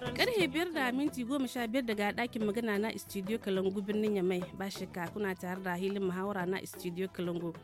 karfe biyar da minti goma sha biyar daga ɗakin magana na studio kalangu birnin yamai ba shika kuna tare da hilin muhawara na studio kalangu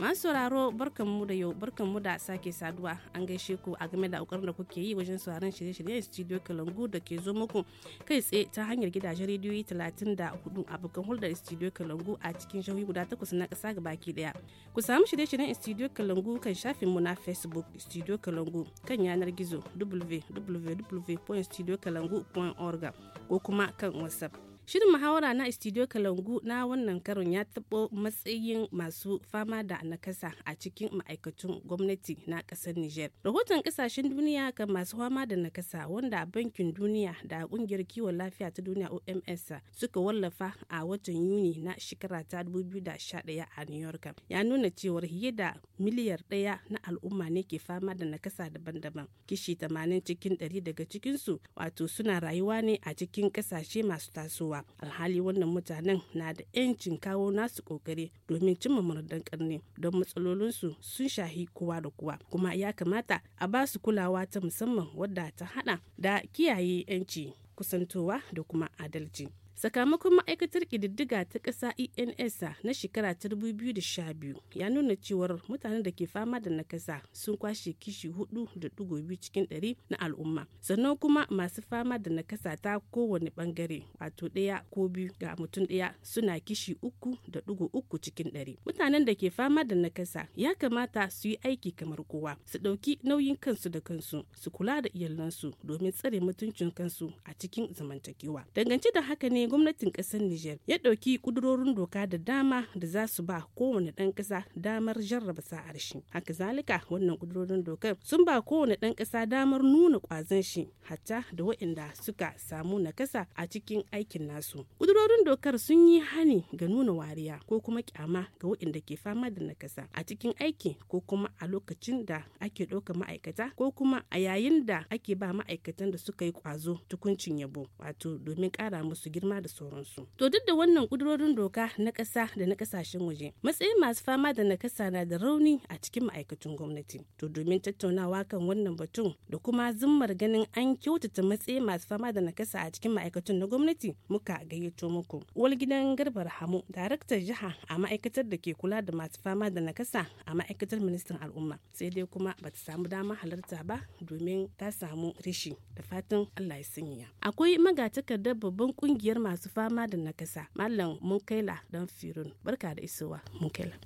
masu sauraro barkanmu da yau barkanmu da sake saduwa an gaishe ku a game da ƙoƙarin da kuke yi wajen sauraron shirye-shiryen studio kalangu da ke zo muku kai tsaye ta hanyar gidajen rediyoyi 34 a bukan hulɗar studio kalangu a cikin shahuyi guda takwas na ƙasa baki ɗaya ku samu shirye-shiryen studio kalangu kan mu na facebook studio kalangu kan yanar gizo www.studiokalangu.org ko kuma kan whatsapp Shirin muhawara na Studio Kalangu na wannan karon ya taɓo matsayin masu fama da nakasa a cikin ma'aikatun gwamnati na kasar Nijar. Rahoton kasashen duniya kan masu fama da nakasa wanda Bankin Duniya da ƙungiyar kiwon lafiya ta duniya OMS suka wallafa a watan Yuni na shekara ta 2011 a New York ya nuna cewar fiye da miliyar ɗaya na al'umma ne ke fama da nakasa daban-daban. Kishi 80 cikin 100 daga cikinsu wato suna rayuwa ne a cikin ƙasashe masu tasowa. alhali wannan mutanen na da 'yancin kawo nasu ƙoƙari domin cimma murdan karni don su sun shahi kowa da kowa kuma ya kamata a ba su kulawa ta musamman wadda ta hada da kiyaye 'yanci kusantowa da kuma adalci sakamakon ma'aikatar ƙididdiga ta ƙasa ensa na shekara ta 2012 ya nuna cewar mutanen da ke fama da nakasa sun kwashe kishi 4.2 cikin 100 na al'umma sannan kuma masu fama da nakasa ta kowane bangare wato ɗaya ko biyu ga mutum ɗaya suna kishi 3.3 cikin 100 mutanen da ke fama da nakasa ya kamata su yi aiki kamar kowa su ɗauki nauyin kansu da kansu su kula da iyalansu domin tsare mutuncin kansu a cikin zamantakewa dangance da haka ne gwamnatin kasar Nijar ya ɗauki ƙudurorin doka da dama da za su ba kowane ɗan ƙasa damar jarraba sa'ar shi. Haka zalika wannan ƙudurorin dokar sun ba kowane ɗan ƙasa damar nuna ƙwazon shi hatta da waɗanda suka samu nakasa a cikin aikin nasu. Ƙudurorin dokar sun yi hani ga nuna wariya ko kuma kyama ga waɗanda ke fama da nakasa a cikin aiki ko kuma a lokacin da ake ɗaukar ma'aikata ko kuma a yayin da ake ba ma'aikatan da suka yi ƙwazo tukuncin yabo wato domin ƙara musu girma da sauransu to duk da wannan kudurorin doka na ƙasa da na ƙasashen waje matsayin masu fama da ƙasa na da rauni a cikin ma'aikatan gwamnati to domin tattaunawa kan wannan batun da kuma zummar ganin an kyautata matsayin masu fama da ƙasa a cikin ma'aikatan na gwamnati muka gayyato muku uwar gidan garba rahamu daraktar jiha a ma'aikatar da ke kula da masu fama da ƙasa a ma'aikatar ministan al'umma sai dai kuma ba ta samu dama halarta ba domin ta samu rishi da fatan allah ya sanya akwai magatakardar babban kungiyar masu fama da nakasa mallam munkaila dan firun barka da isowa munkaila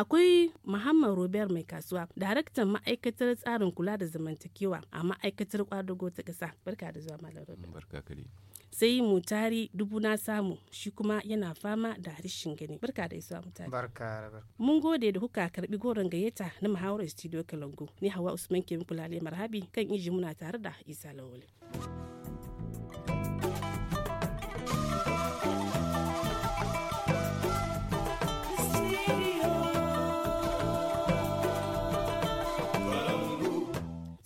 akwai muhammad robert mai kasuwa daraktan ma'aikatar tsarin kula da zamantakewa a ma'aikatar kwadago ta kasa barka da zuwa mallam robert barka sai mutari dubu na samu shi kuma yana fama da harshen gani barka da isuwa mutari barka mun gode da kuka karbi goron gayyata na muhawarar studio kalango ni hawa usman ke kula marhabi kan iji muna tare da isa lawale.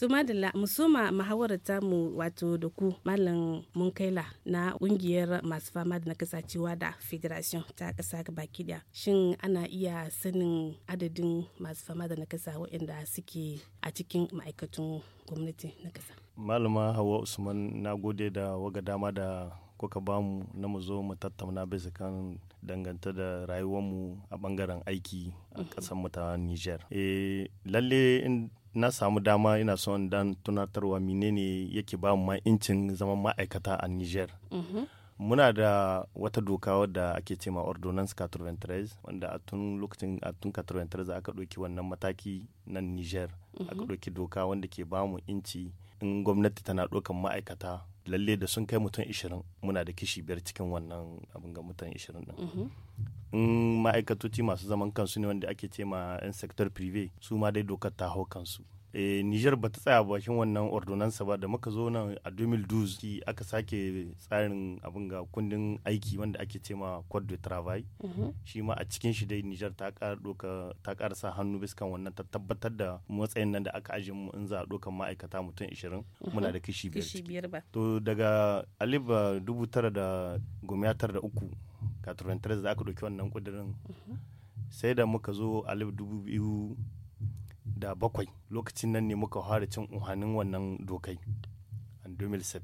To madalla musoma muhawarar mu wato da ku malam munkaila na kungiyar masu fama da nakasa da federation ta kasa baki daya shin ana iya sanin adadin masu fama da nakasa waɗanda suke a cikin ma'aikatun gwamnati na kasa. Malama Hawa Usman na gode da waga dama da kuka bamu na mu zo mu tattauna bisa kan danganta da rayuwar mu a bangaren aiki a mm-hmm. ƙasar mu ta Niger. E, lalle in na samu dama ina son dan tunatarwa menene yake ba mu ma incin zaman ma'aikata a Niger. Mm-hmm. muna da wata doka wadda ake cema ordonance 93 wanda a tun lokacin a tun 93 aka ɗauki wannan mataki nan niger aka mm-hmm. ɗauki doka wanda ke ba mu inci in gwamnati tana ɗaukan ma'aikata lalle da sun kai mutum ishirin muna da kishi biyar cikin wannan abin ga mutum ishirin din mm-hmm. in ma'aikatoci masu zaman kansu ne wanda ake ce ma 'yan sektor prive su ma dai dokar ta hau kansu Eh, Nijar ba ta tsaya bakin wannan ordonansa ba da muka zo nan a 2012 aka sake tsarin abin ga kundin aiki wanda ake ce ma Code de Travail. Mhm. Shi ma a cikin shi dai Nijar ta ƙara sa hannu biskan wannan ta tabbatar da matsayin nan da aka aji mu in za a ɗaukan ma'aikata mutum 20 mhm. muna da kishi biyar. To daga Aliba ah, dubu tara da goma tara da uku 93 da aka ɗauki wannan ƙudurin mhm. sai da muka zo alif dubu biyu da bakwai lokacin nan ne muka fara cin uhanin wannan dokai a 2007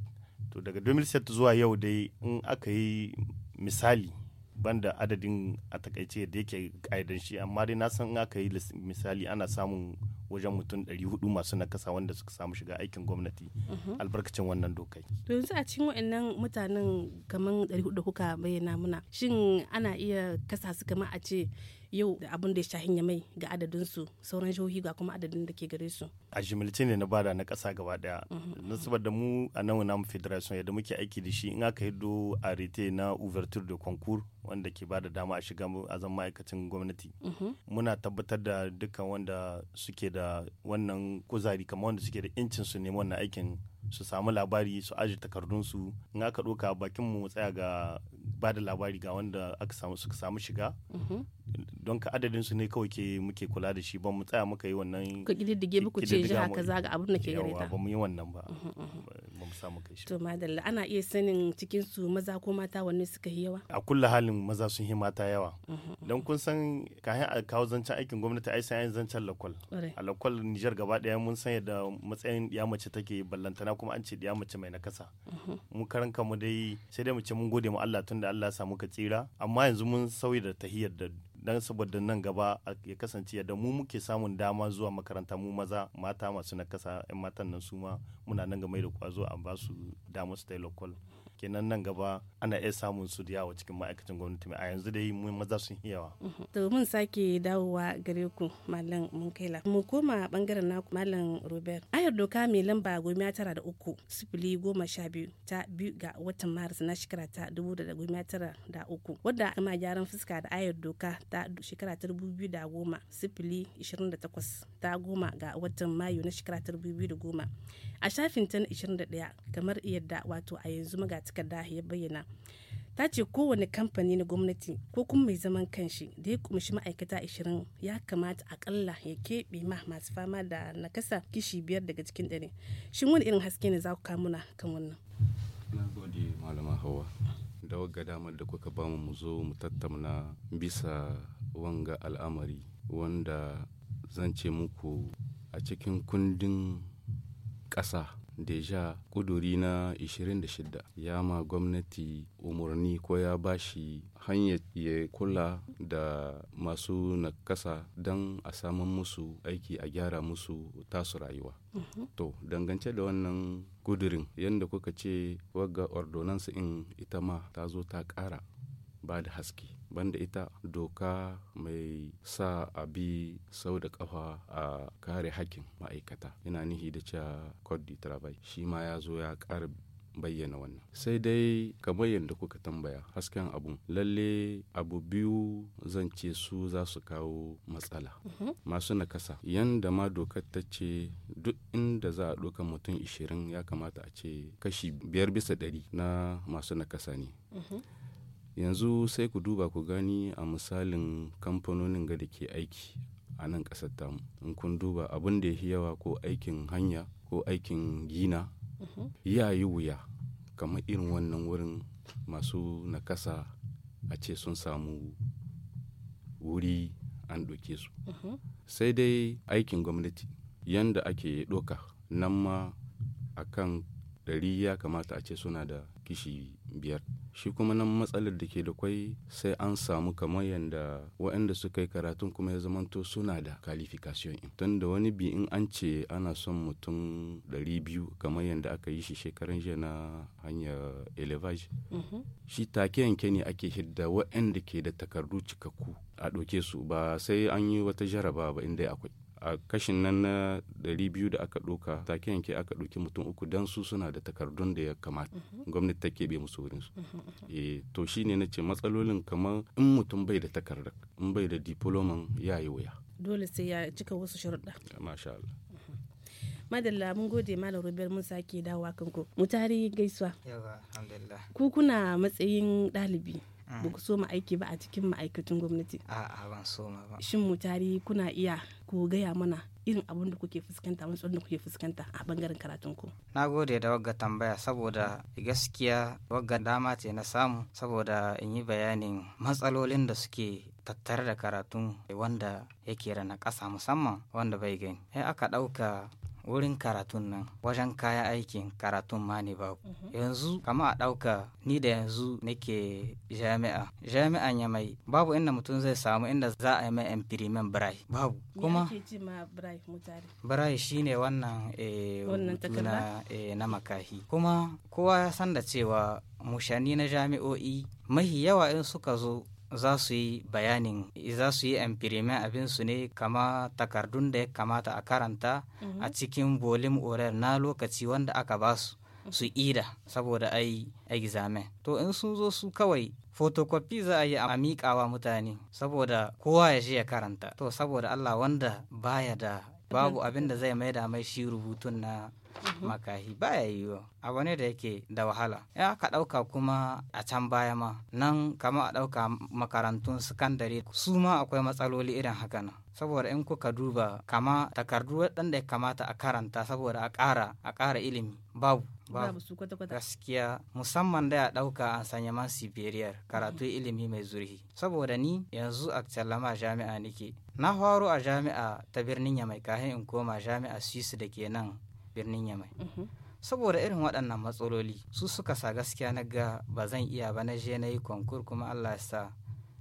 to daga 2007 zuwa yau dai in aka yi misali banda adadin a takaice da yake ƙa'idan shi amma dai na san in aka yi misali ana samun wajen mutum 400 masu nakasa wanda suka samu shiga aikin gwamnati mhm. albarkacin wannan dokai. To yanzu a cikin waɗannan mutanen kamar 400 kuka bayyana muna shin ana iya kasa su kamar a ce yau da abin da ya shahin ya mai ga adadin su sauran jihohi ga kuma adadin da ke gare su a jimilce ne na bada na kasa gaba daya mhm. na saboda mu a nan namu federation yadda muke aiki da shi in aka yi do a rite na ouverture de concours wanda ke bada dama a shiga azan ma'aikacin gwamnati mhm. muna tabbatar da dukkan wanda suke da wannan kuzari kamar wanda suke da incin su ne wannan aikin su samu labari su aji takardunsu in aka ɗauka bakin mu tsaya ga ba da labari ga wanda aka samu suka samu shiga mhm. don ka adadin su ne kawai ke muke kula da shi ban mu tsaya muka yi wannan ka kididdige muku ce jiha kaza ga abin da ke gare ta ba mu yi wannan ba mhm, mhm. mu samu kai shi to madalla ana iya sanin cikin su maza ko mata wanne suka yi yawa a kulla halin maza sun yi mata yawa mhm. don kun san kayan a kawo zancen aikin gwamnati ai sai zancen lakwal a lakwal nijar gaba ɗaya mun san yadda matsayin ya mace take ballantana kuma an ce ya mace mai nakasa mhm. mu karan mu dai sai dai mu ce mun gode mu Allah tunda Allah ya samu ka tsira amma yanzu mun sauyi da tahiyar da don saboda nan gaba ya kasance da mu muke samun dama zuwa makaranta mu maza mata masu nakasa 'yan matan nan su ma muna nan ga mai da kwazo a ba su damar su ta kenan nan gaba ana iya samun su da yawa cikin ma'aikacin gwamnati mai a yanzu dai mun maza sun yawa. Mhm. to mun sake dawowa gare ku malam mun kaila mu koma bangaren na malam robert ayar doka mai lamba goma tara da uku sifili goma sha biyu ta biyu ga watan maris na shekara ta dubu da goma tara da uku wadda kama gyaran fuska da ayar doka ta shekara ta dubu biyu da goma sifili ishirin da takwas ta goma ga watan mayu na shekara ta dubu biyu da goma a shafin tan ishirin da ɗaya kamar yadda wato a yanzu magata dahi ya bayyana ta ce kowane kamfani na gwamnati ko kuma mai zaman kanshi da ya kumshi ma'aikata 20 ya kamata akalla ya keɓe ma masu fama da nakasa kishi biyar daga cikin ɗari shin wani irin haske ne za ku na kan wannan na gode malama hawa da wagga damar da kuka bamu mu zo mu tattauna bisa wanga al'amari wanda zan ce muku a cikin kundin ƙasa deja kuduri na 26 ya ma gwamnati umarni ko ya bashi hanyar ya kula da masu nakasa don a saman musu aiki a gyara musu tasu rayuwa mm-hmm. to dangance da wannan kudurin yadda kuka ce wagga ordonansu in ita ma ta zo ta ƙara ba da haske banda ita doka mai sa a bi sau da kafa a kare hakkin ma'aikata yana nihi da cewa code de travail shi ma ya zo ya ƙara bayyana wannan sai dai kamar yadda kuka tambaya hasken abu lalle abu biyu zan ce su za su kawo matsala mhm. masu nakasa yanda ma dokar ta ce duk inda za a doka mutum 20 ya kamata a ce kashi biyar bisa ɗari na masu nakasa ne mhm. yanzu sai ku duba ku gani a misalin kamfanonin ga da ke aiki a nan ƙasar tamu in kun duba abin da ya yawa ko aikin hanya ko aikin gina mhm. ya yi wuya kamar irin wannan wurin masu nakasa a ce sun samu wuri an ɗauke su mhm. sai dai aikin gwamnati yanda ake ɗoka nan ma a kan ɗari ya kamata a ce suna da kishi biyar shi kuma nan matsalar da ke da kwai sai an samu kamar yadda waɗanda suka yi karatun kuma ya zamanto suna da qualification in tun da wani bi in an ce ana son mutum 200 kamar yadda aka yi shi shekaran jiya na hanyar elevage mm-hmm. shi take yanke ne ake hidda waɗanda ke da takardu cikakku a ɗauke su ba sai an yi wata jaraba ba inda akwai a kashin nan na 200 da aka doka take yanke aka ɗauki mutum uku dan su suna da takardun da ya kamata mhm. gwamnati ta keɓe musu wurin su e to shine na ce matsalolin kamar in mutum bai da takardar in bai da diploman ya yi wuya dole sai ya cika wasu sharuɗa masha Allah madalla mun gode malam rubiyar mun sake dawowa kanku mu tari gaisuwa yawa alhamdulillah ku kuna matsayin ɗalibi Mm. ba ku soma aiki ba a cikin ma'aikatan gwamnati a'a ban soma ba shin mu tari kuna iya ku gaya mana irin abin da kuke fuskanta matsalolin da kuke fuskanta a bangaren karatun ku na gode da wagga tambaya saboda gaskiya wagga dama ce na samu saboda in yi bayanin matsalolin da suke tattare da karatun wanda yake rana ƙasa musamman wanda bai gani sai aka ɗauka wurin karatun nan wajen kaya aikin karatun ma ne babu mhm. yanzu kama a ɗauka ni da yanzu nake jami'a jami'an ya mai babu inda mutum zai samu inda za a yi mai empirimen birai babu kuma birai shine wannan eh, eh, na makahi kuma kowa ya san da cewa mushani na jami'o'i mahi yawa in suka zo za su yi bayanin za su yi empirimen abin su ne kama takardun da ya kamata a karanta a mhm. cikin bolin orar na lokaci wanda aka ba su su mhm. ida saboda a yi examen to in sun zo su kawai Fotokopi za a yi a miƙawa mutane saboda kowa ya je ya karanta to saboda allah wanda baya da babu abin da zai maida mai shi rubutun na Mm-hmm. makahi baya yiwuwa abu ne da yake da wahala ya ka ɗauka kuma a can baya ma nan kama a ɗauka makarantun sakandare su ma akwai matsaloli irin haka nan saboda in kuka duba kama takardu waɗanda ya kamata a karanta saboda a ƙara a ƙara ilimi babu gaskiya musamman da ya ɗauka an sanya man siberiyar karatu mm-hmm. ilimi mai zurhi saboda ni yanzu a callama jami'a nike na faro a jami'a ta birnin ya mai kahin in koma jami'a swiss da ke nan birnin yamai mhm. saboda irin waɗannan matsaloli su suka sa gaskiya na ga ba zan iya ba na je na yi konkur kuma allah ya sa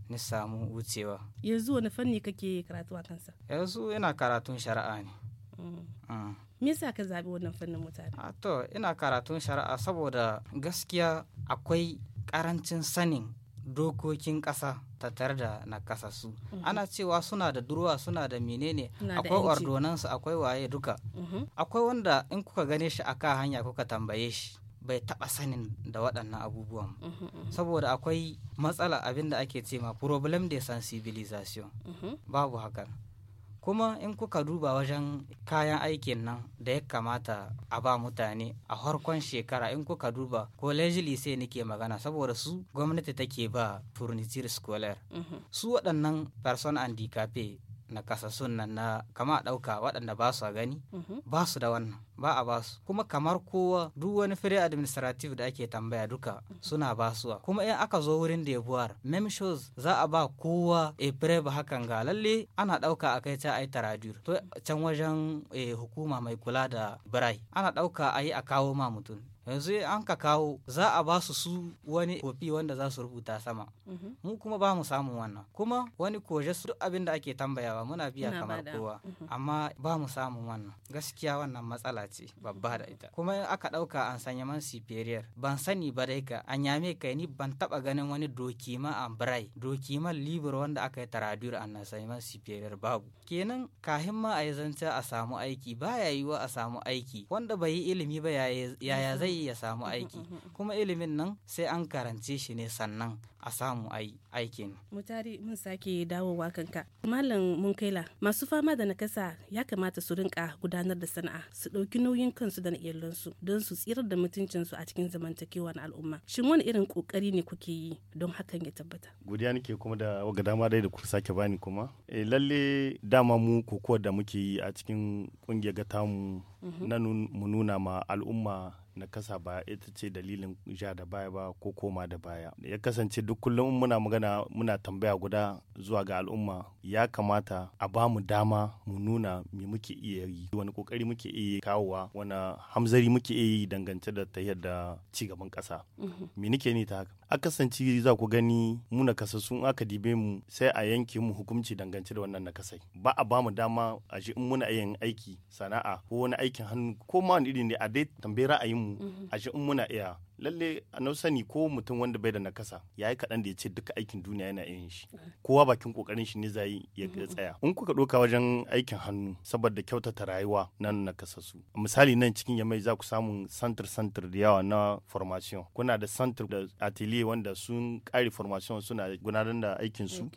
ni samu wucewa yanzu wani fanni kake karatu a kansa yanzu ina karatun shari'a ne mm. Mm. me yasa ka zaɓi wannan fannin mutane to ina karatun shari'a saboda gaskiya akwai karancin sanin dokokin ƙasa tare da nakasassu mhm. ana cewa suna da durwa suna da menene akwai ordonansu akwai waye duka mhm. akwai wanda in kuka gane shi a kan hanya kuka tambaye shi bai taɓa sanin da waɗannan abubuwan mhm, saboda akwai matsala abin da ake cema ma problem de sensibilisation babu hakan kuma in kuka duba wajen kayan aikin nan da ya kamata a ba mutane a harkon shekara in kuka duba college lise nake magana saboda su gwamnati take ba furniture scholar mhm. su waɗannan person and nakasassun nan na kama a ɗauka waɗanda ba su a gani mhm. ba su da wannan ba a ba su kuma kamar kowa duk wani fire administrative da ake tambaya duka mhm. suna ba suwa kuma in aka zo wurin da ya mem shows za a ba kowa a ba hakan ga lalle ana ɗauka a kai ta ai taradur to can wajen eh, hukuma mai kula da birai ana ɗauka a yi a kawo ma mutum yanzu an ka kawo za a ba su su wani kofi wanda za su rubuta sama mhm. mu kuma ba mu samun wannan kuma wani koje duk abin da ake tambayawa muna biya kamar kowa mhm. amma ba mu samun wannan gaskiya wannan matsala ce babba da ita kuma aka ɗauka an sanya man superior ban sani ba dai ka an yame kai ni ban taba ganin wani dokima an brai dokiman libro wanda aka yi taradur an na sanya man superior babu kenan kahin ma a yi a samu aiki baya yiwa a samu aiki wanda bai yi ilimi ba yaya zai yi ya samu aiki kuma ilimin nan sai an karance shi ne sannan a samu aikin mutari mun sake dawowa kanka malam mun kaila masu fama da nakasa ya kamata su rinka gudanar da sana'a su ɗauki nauyin kansu da na iyalansu don su tsirar da mutuncinsu a cikin zamantakewa na al'umma shin wani irin kokari ne kuke yi don hakan ya tabbata godiya nake kuma da waga dama dai da ku sake bani kuma e, lalle dama mu kokowar da muke yi a cikin kungiyar mu mm-hmm. na mu nuna ma al'umma na kasa ba ita ce dalilin ja da baya ba ko koma da baya ya kasance duk kullum muna magana muna tambaya guda zuwa ga al'umma ya kamata a ba mu dama mu nuna me muke iya yi wani kokari muke iya kawowa wani hamzari muke iya yi dangance da ta yadda ci gaban kasa mhm. me nike ni ta haka kasance za ku gani mu nakasassun aka dibe mu sai a yanke mu hukunci dangance da wannan nakasai ba a bamu dama a ji in muna yin aiki sana'a ko wani aikin hannu ko ma wani iri ne a dai tambayi ra'ayin mu mm-hmm. a ji in muna iya lalle na sani ko mutum wanda bai da nakasa ya yi kaɗan da ya ce duka aikin duniya yana yin shi mm. kowa bakin kokarin shi ne zai ya mm, mm, tsaya in kuka ɗauka wajen aikin hannu saboda kyautata rayuwa nan nakasasu misali nan cikin yamai za ku samu santir santir da yawa na formation kuna da santir da atelier wanda sun ƙari formation suna gudanar da aikin su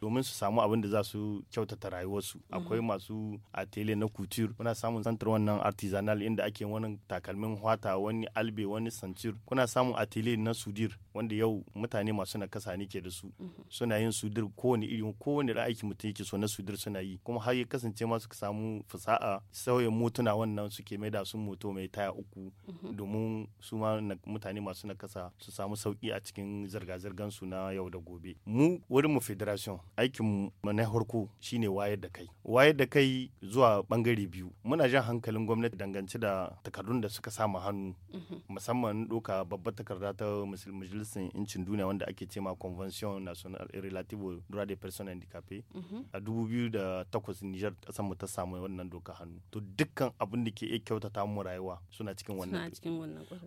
domin su samu abin da za su kyautata rayuwarsu akwai masu atelier na couture kuna samun santir wannan artisanal inda ake wani takalmin hwata wani albe wani santir kuna samun atelier na sudir wanda yau mutane masu nakasa ne ke da su mhm. suna yin sudir kowane irin kowane da aiki mutum yake so na sudir suna yi kuma har ya kasance ma suka samu fasa'a sauya motuna wannan suke mai da sun moto mai taya uku mhm. domin su ma mutane masu nakasa su samu sauki a cikin zirga-zirgan su na yau da gobe mu wurin mu federation aikin mu na harko shine wayar da kai wayar da kai zuwa bangare biyu muna jan hankalin gwamnati dangance da takardun da suka sama hannu mhm. musamman doka babbar takarda ta majalisar incin duniya wanda ake cema convention national relative droit des personnes handicapées mhm. a 2008 Niger kasan mu ta samu wannan doka hannu to dukkan abin da ke iya kyautata mu rayuwa suna cikin wannan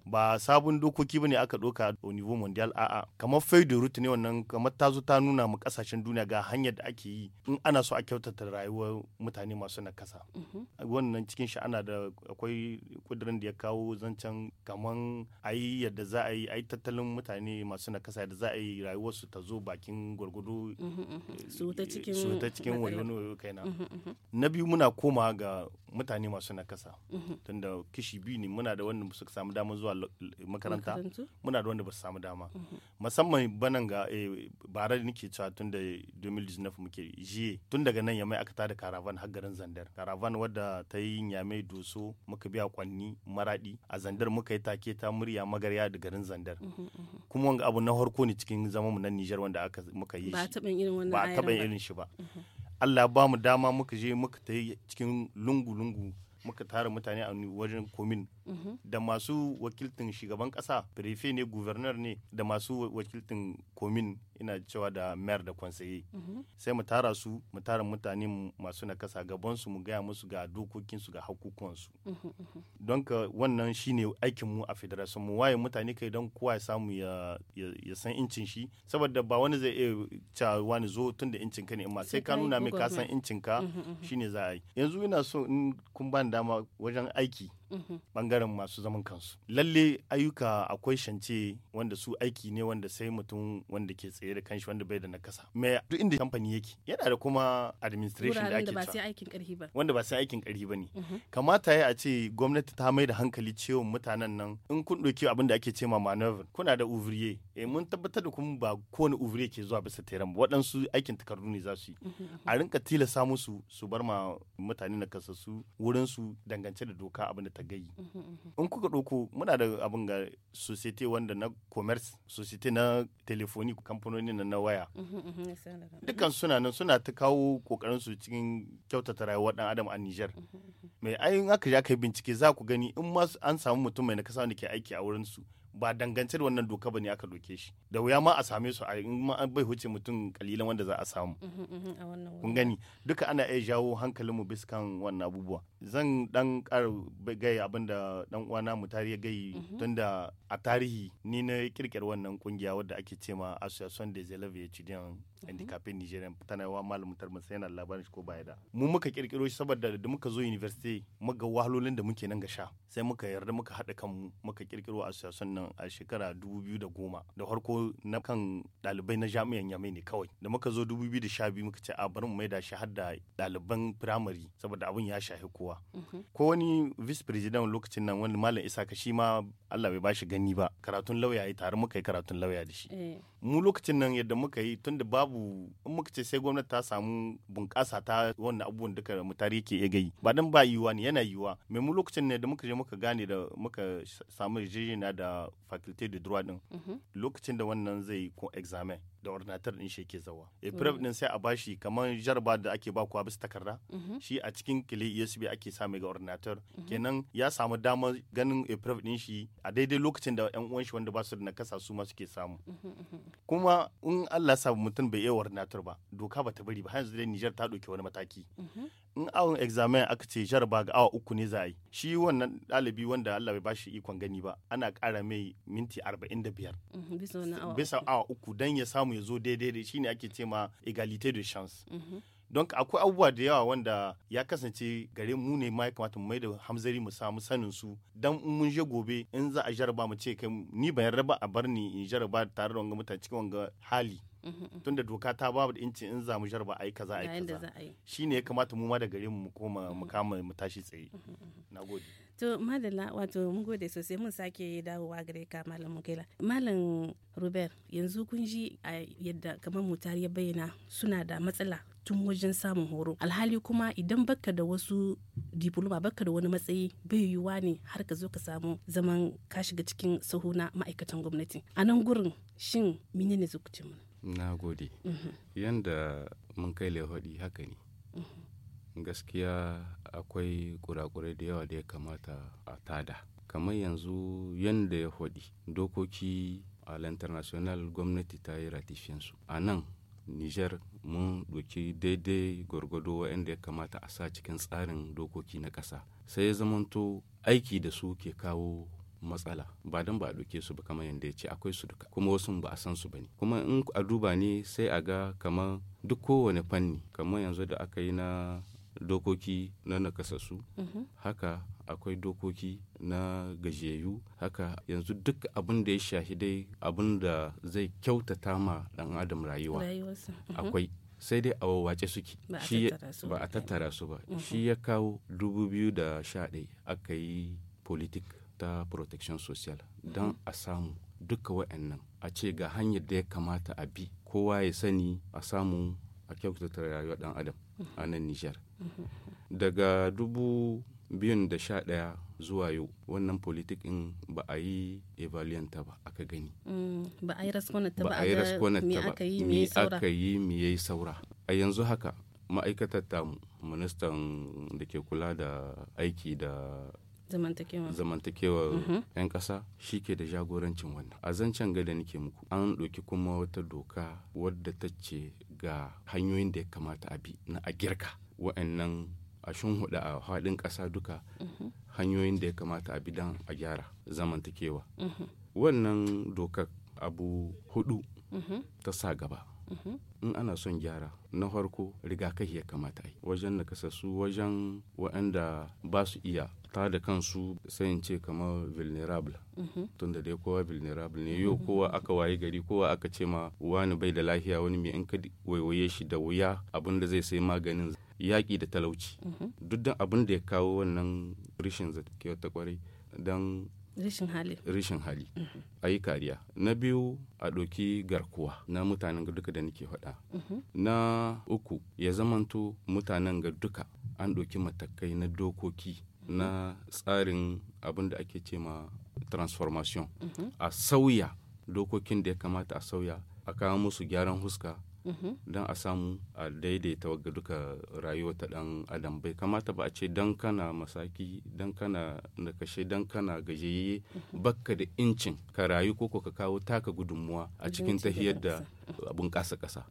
ba sabon dokoki bane aka doka a niveau mondial a'a kamar fai route ne wannan kamar ta zo ta nuna mu kasashen duniya ga hanyar da ake yi in ana so a kyautata rayuwar mutane masu nakasa mhm. wannan cikin shi ana da akwai kudirin da ya kawo zancen kamar a yi yi yadda za a yi a tattalin mutane masu nakasa yadda za a yi rayuwarsu ta zo bakin gwargwado eh, eh, su ta cikin wayo kaina na biyu muna koma ga mutane masu nakasa tunda kishi biyu ne muna da wanda su samu dama zuwa eh, makaranta muna da wanda ba su samu dama musamman banan ga bara da nake cewa tun da 2019 muke jiye tun daga nan yamai aka tada karavan har garin zandar karavan wadda ta yi yamai doso muka biya kwanni maradi a zandar muka yi take ta murya magana magarya da garin zandar kuma wanga abu na harko ne cikin zaman mu na Nijar wanda aka muka yi shi ba a irin taɓa irin shi ba Allah ba mu dama muka je muka ta cikin lungu lungu muka tara mutane a wajen komin mhm. da masu wakiltin shugaban kasa prefe ne guvernar ne da masu wakiltin komin ina cewa da mayar da kwansaye mhm. sai mu tara su mu tara mutane masu na kasa gaban su mu gaya musu ga dokokin su ga su mhm, don ka wannan shine aikin mu a federation mu waye mutane kai don kowa ya samu ya san incin shi saboda ba wani zai iya cewa ni zo tunda incin ka ne amma sai ka nuna mai ka san incin ka shine za a yi yanzu ina so in kun bani dama wajen aiki bangaren masu zaman kansu lalle ayyuka akwai shance wanda su aiki ne wanda sai mutum wanda ke tsaye da kanshi wanda bai da nakasa me duk inda kamfani yake yana da kuma administration da ake ba wanda ba sai aikin karhi ba ne mm-hmm. kamata ya a ce gwamnati ta mai da hankali cewa mutanen nan in kun abinda abin da ake cema manoeuvre kuna da ouvrier eh mun tabbatar da kuma ba kowane ouvrier ke zuwa bisa teran waɗansu aikin takardu ne za su yi mm-hmm, mm-hmm. a rinka tilasa musu su bar ma mutane su wurin su dangance da doka abin da ta gai in kuka ɗauko muna da abin ga society wanda na commerce society na telefoni kamfanoni na waya dukkan suna nan suna ta kawo kokarin su cikin kyautata rayuwar dan adam a Niger mai ayin aka ja kai bincike za ku gani in ma an samu mutum mai nakasa wanda ke aiki a wurin su ba dangance da wannan doka bane aka doke shi da wuya ma a same su a in ma bai huce mutum kalilan wanda za a samu kun gani duka ana iya jawo hankalin mu biskan wannan abubuwa zan dan karu gai abin da dan uwana mu tarihi gai mhm. tunda a tarihi ni na kirkir wannan kungiya wadda ake ce ma Association des élèves étudiants mhm. handicapés nigériens tana yawa malamin tarmasa yana labarin shi ko baya da mu muka kirkiro shi saboda da muka zo university muka wahalolin da muke nan ga sha sai muka yarda muka haɗa mu muka kirkiro Association nan a shekara 2010 da farko na kan dalibai na jami'an yamai ne kawai da muka zo 2012 muka ce a bari mu da shi har da ɗaliban primary saboda abin ya shafi kowa kowa mhm. ko wani vice president lokacin nan wani malam isaka shi ma Allah bai bashi gani ba karatun lauya yi tare muka yi karatun lauya da shi eh. mu lokacin nan yadda muka yi tunda babu in muka ce sai gwamnati ta samu bunƙasa ta wannan abubuwan duka mu tare yake iya gai ba dan ba yiwa ne yana yiwa mai mu lokacin ne da muka je muka gane da muka samu yarjejeniya da faculty de droit din mhm. lokacin da wannan zai ko examen da ordinator din shi yake zawa e prep mm. din sai a bashi kamar jarba da ake ba kuwa bisa takarda mhm. shi a cikin kile ESB ake sa mai ga ordinator mhm. kenan ya samu damar ganin eprov din shi a daidai lokacin da yan uwan shi wanda ba su da nakasa su ma suke samu mhm, mhm, kuma in Allah sa mutum bai iya ordinator ba doka ba ta bari ba yanzu dai Niger ta dauke wani mataki in awon examen aka ce jaraba ga awa uku ne za a yi shi wannan ɗalibi wanda Allah bai bashi ikon gani ba ana ƙara mai minti arba'in da biyar bisa awa uku dan ya samu ya zo daidai da ne ake ce ma egalite de chance don akwai abubuwa da yawa wanda ya kasance gare mu ne ma ya kamata mu mai da hamzari mu samu sanin su dan in mun je gobe in za a jaraba mu ce kai ni ban yarda ba a bar ni in jaraba tare da wanga mutane cikin wanga hali mm-hmm. tunda doka ta babu da inci in za mu jaraba a yi kaza a yi kaza shine ya kamata mu ma da gare mu koma mu mm-hmm. kama mu tashi tsaye mm-hmm, nagode To Madalla wato mun gode sosai mun sake dawowa gare ka Malam Mukaila. Malam Robert yanzu kun ji a yadda kamar mutar ya bayyana suna da matsala tun wajen samun horo. Alhali kuma idan baka da wasu diploma baka da wani matsayi bai yiwuwa ne har ka zo ka samu zaman ka shiga cikin sahu na ma'aikatan gwamnati. A nan gurin shin menene zukucin mu Na gode. Mhm. Yanda mun kai haka ne. Mhm. gaskiya akwai kurakurai da yawa da ya kamata a tada kamar yanzu yadda ya faɗi dokoki a international gwamnati ta yi ratishinsu a nan niger mun doki daidai gwargwado waɗanda ya kamata a sa cikin tsarin dokoki na ƙasa sai ya zamanto aiki da su ke kawo matsala ba don ba a doke su ba kamar yadda ya ce akwai su duka kuma wasu ba a san su ba ne kuma in a duba ne sai a ga kamar duk kowane fanni kamar yanzu da aka yi na dokoki na nakasassu mhm. haka akwai dokoki na gajiyayyu haka yanzu duk abin da ya shahi dai abin da zai kyautata ma dan adam rayuwa mhm. akwai sai dai a wawace suke ba a tattara su ba mhm. shi ya kawo 2011 aka yi politik ta protection social don a samu duka wa'annan a ce ga hanyar da ya kamata a bi kowa ya sani a samu a kyautata rayuwa dan adam a nan nijar daga dubu biyun da sha daya zuwa yau wannan politik in ba a yi evaliyanta ba aka gani mm, ba a yi raskonata ba a aka yi aka yi saura a yanzu haka ma'aikatar tamu ministan da ke kula da aiki da zamantakewa 'yan mm-hmm. ƙasa shi ke da jagorancin wannan a zancen gada nake muku an ɗauki kuma wata doka wadda ta ce ga hanyoyin da ya kamata a bi na a girka wa'annan a shunhuda a haɗin ƙasa duka hanyoyin da ya kamata a bidan a gyara zamantakewa wannan dokar abu hudu ta sa gaba in ana son gyara na farko rigakafi ya kamata yi wajen nakasassu wajen waɗanda ba su iya ta da kansu sai ce kamar vulnerable da dai kowa vulnerable ne yau kowa aka waye gari kowa aka ce ma wani bai da lahiya wani mai in ka waiwaye shi da wuya abinda zai sai maganin yaƙi da talauci mhm. duk da abin da ya kawo wannan rishin zakewa ta kwarai don rishin hali mhm. a yi kariya na biyu a ɗauki garkuwa na mutanen ga duka da nake faɗa mhm. na uku ya zamanto mutanen ga duka an ɗauki matakai na dokoki na tsarin abin da ake ce ma transformation a sauya dokokin da ya kamata a sauya a kawo musu gyaran huska Mm-hmm. don a samu a daidaita wagga duka rayuwa ta dan adam bai kamata ba a ce dan kana masaki dan kana nakashe dan kana gajiyayye mm-hmm. bakka da incin ka rayu ko ka kawo taka gudunmuwa a cikin tahiyar da A bunƙasa ƙasa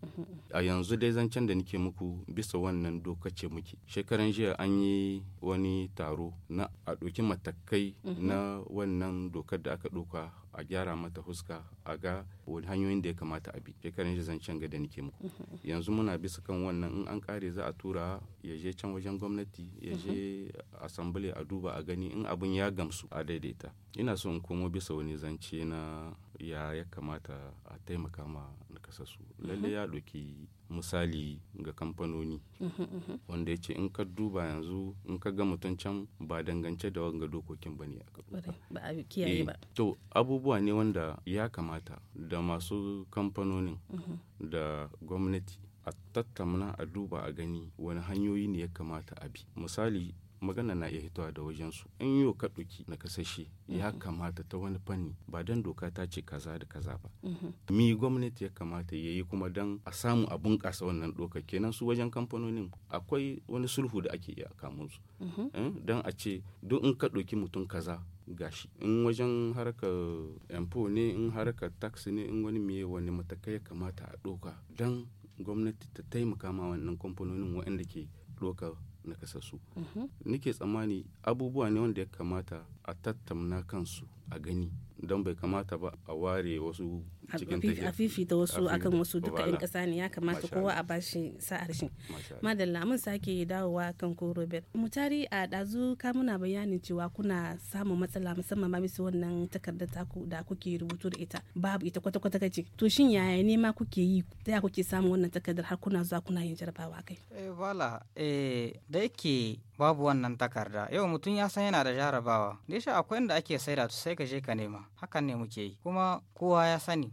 a yanzu dai zancen da nake muku bisa wannan doka ce muke shekaran jiya an yi wani taro na a ɗauki matakai na wannan dokar da aka ɗauka a gyara mata huska a ga hanyoyin da ya kamata a bi shekaran jiya zancen ga da nike muku yanzu muna bisa kan wannan in an ƙare za a tura ya je can wajen gwamnati ya je asambile a duba a gani in abin ya gamsu a daidaita ina so in komo bisa wani zance na ya ya kamata a taimaka ma nakasassu mhm. lalle ya ɗauki misali ga kamfanoni mhm, mhm. wanda ya ce in ka duba yanzu in ka ga mutum can ba dangance da wanga dokokin ba ne a kiyaye ba eh, to abubuwa ne wanda ya kamata da masu kamfanonin da gwamnati a tattamna a duba a gani wani hanyoyi ne ya kamata a bi misali magana na iya hitowa da wajensu in yau ka ɗauki na kasashe ya mhm. kamata ta wani fanni ba don doka ta ce kaza da kaza ba mhm. mi gwamnati ya kamata ya yi kuma don a samu a bunƙasa wannan doka kenan su wajen kamfanonin akwai wani sulhu da ake iya kamun su mhm. eh, don a ce duk in ka ɗauki mutum kaza gashi in wajen harkar empo ne in harkar tax ne in wani miye wani matakai ya kamata a ɗoka don gwamnati ta taimaka ma wannan kamfanonin waɗanda ke ɗoka na nakasassu nike tsammani abubuwa ne wanda ya kamata a tattamna kansu a gani don bai kamata ba a ware wasu a fifita wasu akan wasu duka 'yan kasa ne ya kamata kowa a bashi sa'ar shi madalla mun sake dawowa kan ko robert mutari a dazu ka muna bayanin cewa kuna samun matsala musamman ma bisa wannan takardar taku da kuke rubutu da ita babu ita kwata kwata kace to shin yaya ne ma kuke yi ta ya kuke samun wannan takardar har kuna zuwa kuna yin jarabawa kai eh wala eh da yake babu wannan takarda yau mutum ya san yana da jarabawa da akwai inda ake saida to sai ka je ka nema hakan ne muke yi kuma kowa ya sani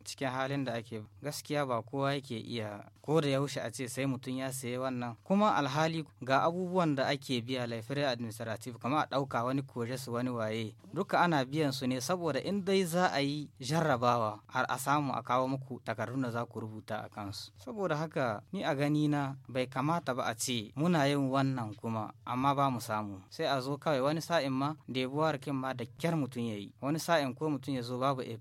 cikin halin da ake gaskiya ba kowa yake iya ko da yaushe a ce sai mutum ya saye wannan kuma alhali ga abubuwan da ake biya laifire administrative kamar a ɗauka wani koje su wani waye duka ana biyan su ne saboda in dai za a yi jarrabawa har a samu a kawo muku takardun da za ku rubuta a kansu saboda haka ni a gani na bai kamata ba a ce muna yin wannan kuma amma ba mu samu sai a zo kawai wani sa'in ma da yabuwa ma da kyar mutum ya yi wani sa'in ko mutum ya zo babu a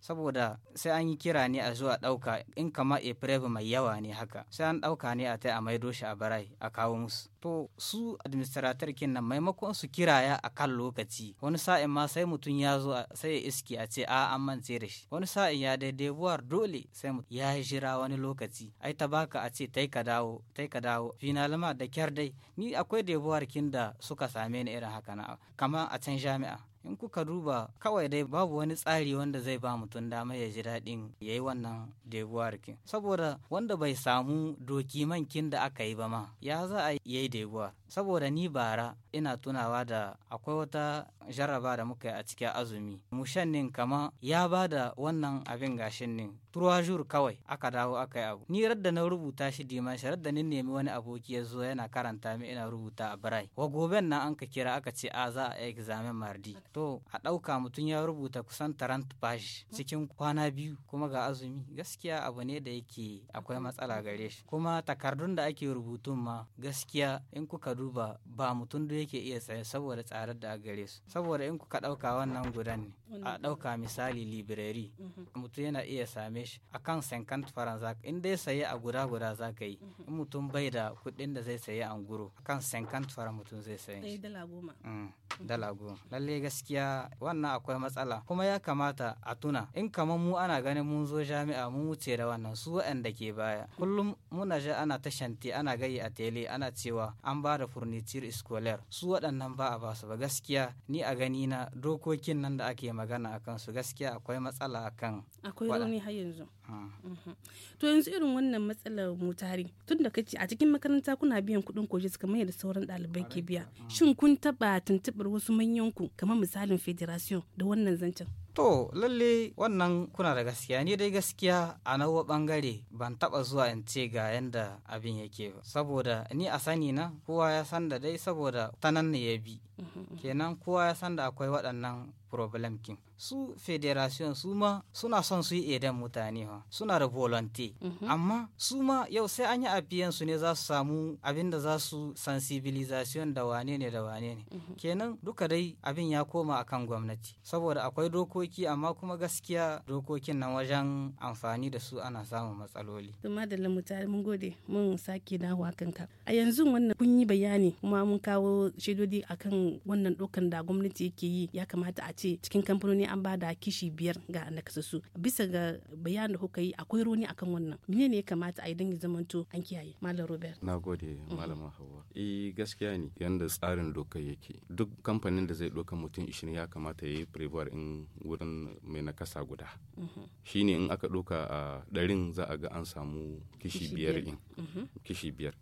saboda sai an an yi kira ne a zuwa ɗauka in kama epreve mai yawa ne haka sai an ɗauka ne a tai a maido shi a barai a kawo musu to su administrator maimakon su kiraya a kan lokaci wani sa'in ma sai mutum ya zo sai ya iski a ce a an mance da shi wani sa'in ya daidai buwar dole sai mutum ya jira wani lokaci ai ta baka a ce tai ka dawo tai ka dawo finalama da kyar dai ni akwai debuwar kin da suka same ni irin haka na kama a can jami'a in kuka duba kawai dai babu wani tsari wanda zai ba mutum dama ya ji daɗin ya yi wannan deguwarkin saboda wanda bai samu doki dokimankin da aka yi ba ma ya za a yi deguwa. saboda ni bara ina tunawa da akwai wata jaraba da muka yi a cikin azumi mushan nin kama ya ba da wannan abin gashin nin turwajur kawai aka dawo aka yi abu ni radda na rubuta shi diman shi radda nin nemi wani aboki ya zo yana karanta mi ina rubuta a birai wa goben na an ka kira aka ce a za a examen mardi to a ɗauka mutum ya rubuta kusan tarant page cikin kwana biyu kuma ga azumi gaskiya abu ne da yake akwai matsala gare shi kuma takardun da ake rubutun ma gaskiya in kuka duba ba mutum da yake iya tsaye saboda tsarar da a gare su saboda in kuka ɗauka wannan gudan ne a ɗauka misali library mhm. mutum yana iya same shi a kan sankant faransa in dai saye a guda guda za ka yi mhm. in mutum bai da kuɗin da zai saye an guro a kan sankant faransa mutum zai saye shi. dala goma mm, mhm. lalle gaskiya wannan akwai matsala kuma ya kamata a tuna in kamar mu ana ganin mun zo jami'a mun wuce da wannan su wa'anda ke baya kullum muna ja ana tashanti ana gayi a tele ana cewa an ba da furnitir iskolar su waɗannan ba a basu ba gaskiya ni a gani na dokokin nan da ake magana a kansu gaskiya akwai matsala akan akwai har yanzu Mhm. to yanzu irin wannan matsalar motari tun da kace a cikin makaranta kuna biyan kuɗin suka kamar da sauran ɗalibai ke biya shin kun taɓa tuntuɓar wasu manyan ku kamar misalin federation da wannan zancen To lalle wannan kuna da gaskiya ni dai gaskiya a nawa bangare ban taba zuwa in ce ga yanda abin yake ba saboda ni a sani na kowa ya san da dai saboda ta ya bi mhm. kenan kowa ya san da akwai waɗannan problem kin su federation su ma suna son su yi edan mutane ha suna da volonte mhm. amma su ma yau sai an yi abiyan su ne za su samu abin da za su sensibilization da wane ne da wane ne mhm. kenan duka dai abin ya koma akan gwamnati saboda akwai dokoki amma kuma gaskiya dokokin na wajen amfani da su ana samun matsaloli to da lamutar mun gode mun sake dawowa ka a yanzu wannan kun yi bayani kuma mun kawo shaidodi akan wannan dokan da gwamnati yake yi ya kamata a ce cikin kamfanoni an ba da kishi biyar ga nakasassu bisa ga bayanin da kuka yi akwai roni akan wannan mene ne ya kamata a yi don zamanto an kiyaye malam robert na gode mhm. malam hawa eh gaskiya ne yanda tsarin doka yake duk kamfanin da zai doka mutum ishirin ya kamata ya yi prevoir in wurin mai nakasa guda mhm. shine in aka doka a ɗarin za a ga an samu kishi biyar in mhm. kishi biyar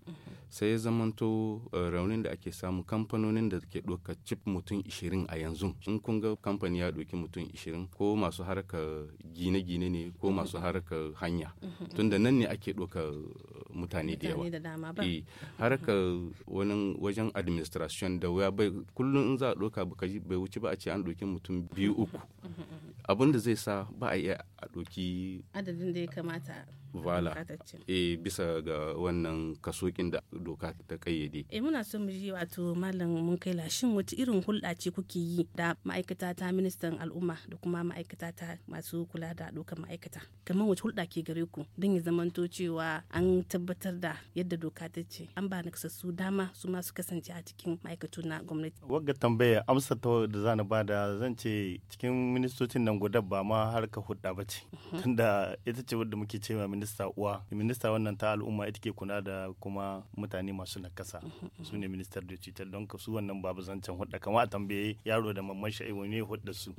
sai ya zamanto eh, raunin da ake samu kamfanonin da ke doka cip mutum ishirin a yanzu in kun ga kamfani ya doki mutum mutum 20 ko masu harkar gine-gine ne ko mm-hmm. masu harkar hanya mm-hmm. tunda nan ne ake ɗauka mutane da yawa eh, harkar wani wajen administration da waya bai kullum in za a ɗauka bai wuce ba a ce an ɗauki mutum biyu uku mm-hmm. abin da zai sa ba a iya a ɗauki adadin da ya kamata vala e eh, bisa ga wannan kasokin da doka ta kayyade e eh, muna so mu ji wato mallam mun kai lashin wace irin hulɗa ce kuke yi da ma'aikata ta ministan al'umma da kuma ma'aikata ta masu kula da dokar ma'aikata kamar wace hulɗa ke gare ku don ya zamanto cewa an tabbatar da yadda doka ta ce an ba nakasassu dama su ma su kasance a cikin ma'aikatu na gwamnati wagga tambaya amsa ta da zan bada zan ce cikin ministocin nan guda ba ma harka hulɗa ba ce mhm. tunda ita ce wadda muke cewa minista uwa minista wannan ta al'umma ita ke kula da kuma mutane masu nakasa su ne ministar da cutar don ka su wannan babu zancen hudda kama a tambaye yaro da mamman sha'i wani hudda su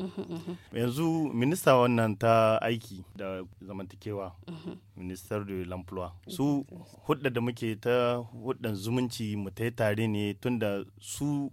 yanzu minista wannan ta aiki da zamantakewa ministar da l'emploi su hudda da muke ta huddan zumunci mu ta tare ne tunda su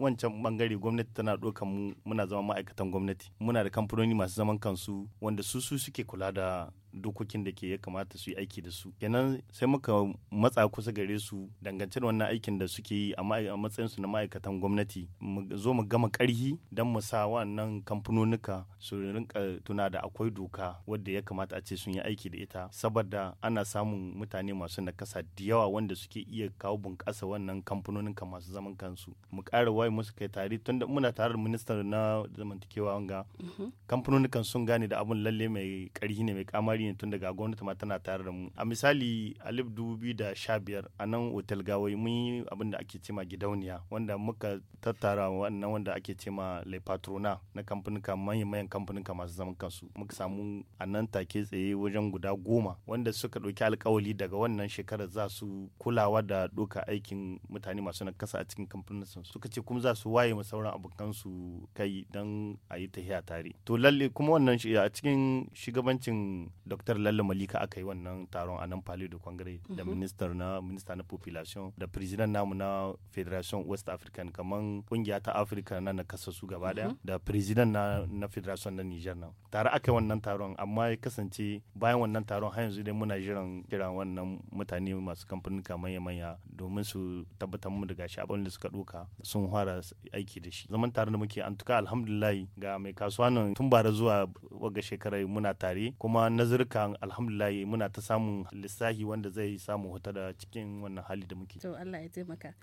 wancan bangare gwamnati tana ɗaukan mu muna zama ma'aikatan gwamnati muna da kamfanoni masu zaman kansu wanda su su suke kula da dokokin da ke ya kamata su yi aiki da su kenan sai muka matsa kusa gare su dangance da wannan aikin da suke yi a matsayin su na ma'aikatan gwamnati mu zo mu gama karhi don mu sa wannan kamfanonuka su rinka tuna da akwai doka wadda ya kamata a ce sun yi aiki da ita saboda ana samun mutane masu nakasa da yawa wanda suke iya kawo bunƙasa wannan kamfanoninka masu zaman kansu mu ƙara waye musu kai tare tunda muna tare da ministan na zamantakewa wanga mm-hmm. kamfanonukan sun gane da abun lalle mai ƙarhi ne mai kamari tun daga gwamnati ma tana tare da mu a misali alif dubu biyu da sha biyar a nan otel gawai mun yi abin da ake cema gidauniya wanda muka tattara wannan wanda ake cema le patrona na kamfanika manyan kamfanika masu zaman kansu muka samu a nan take tsaye wajen guda goma wanda suka ɗauki alkawali daga wannan shekarar za su kulawa da doka aikin mutane masu nakasa a cikin kamfanin suka ce kuma za su waye ma sauran abokansu kai don a yi tahiya tare to lalle kuma wannan a cikin shugabancin da dr lalle malika aka yi wannan taron a nan Palu da kwangare mhm. da minister na minista na population da president namu na federation west african kaman kungiya ta africa na na kasasu gaba daya mhm. da president na na federation na niger nan tare aka yi wannan taron amma ya kasance bayan wannan taron har yanzu dai muna jiran kiran wannan mutane masu kamfanin manya manya domin su tabbatar mu da shi abin da suka doka sun fara aiki da shi zaman tare da muke an tuka alhamdulillah ga mai kasuwa nan tun bara zuwa wagga shekarar muna tare kuma nazarin uzurkan alhamdulillah muna ta samun lissahi wanda zai samu huta da cikin wannan hali da muke to Allah ya taimaka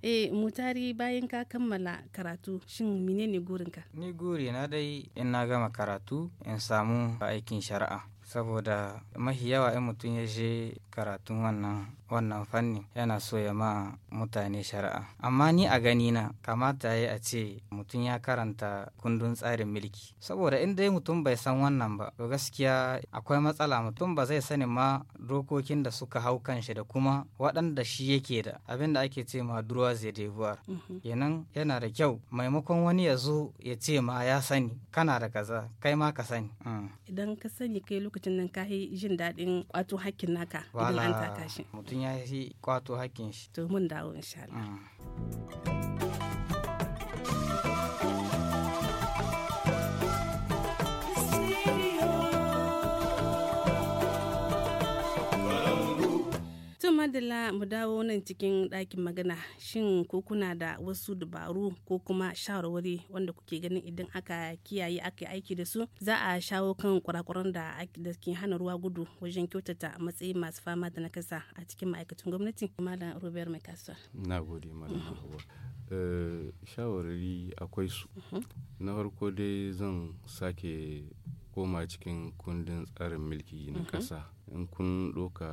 eh mutari bayan ka kammala karatu shin menene gurinka ni guri na dai in na gama karatu in samu aikin shari'a saboda mahi yawa in mutum ya je karatun wannan wannan fanni yana so ya ma mutane shari'a amma ni a gani na kamata ya a ce mutum ya karanta kundin tsarin mulki saboda in dai mutum bai san wannan ba to gaskiya akwai matsala mutum ba zai sani ma dokokin da suka hau kan shi. da kuma waɗanda shi yake da abin da ake ce ma duruwa zai devoir mm-hmm. kenan yana da kyau maimakon wani ya zo ya ce ma ya sani kana da kaza kai ma ka sani mm. idan ka sani kai lokacin nan ka yi jin daɗin ƙwato hakkin naka idan an taka shi ya yi kwato hakkin shi to mun dawo insha Allah mm. madalla mu dawo nan cikin ɗakin magana shin ko kuna da wasu dabaru ko kuma shawarwari wanda kuke ganin idan aka kiyaye aka aiki da su za a shawo kan kurakuran da ke hana ruwa gudu wajen kyautata matsayin masu fama da nakasa a cikin ma'aikatan gwamnati malam robert mai kasuwa na gode malam mhm. hawa eh, shawarwari akwai su mhm. na farko dai zan sake koma cikin kundin tsarin mulki na mhm. ƙasa in kun ɗoka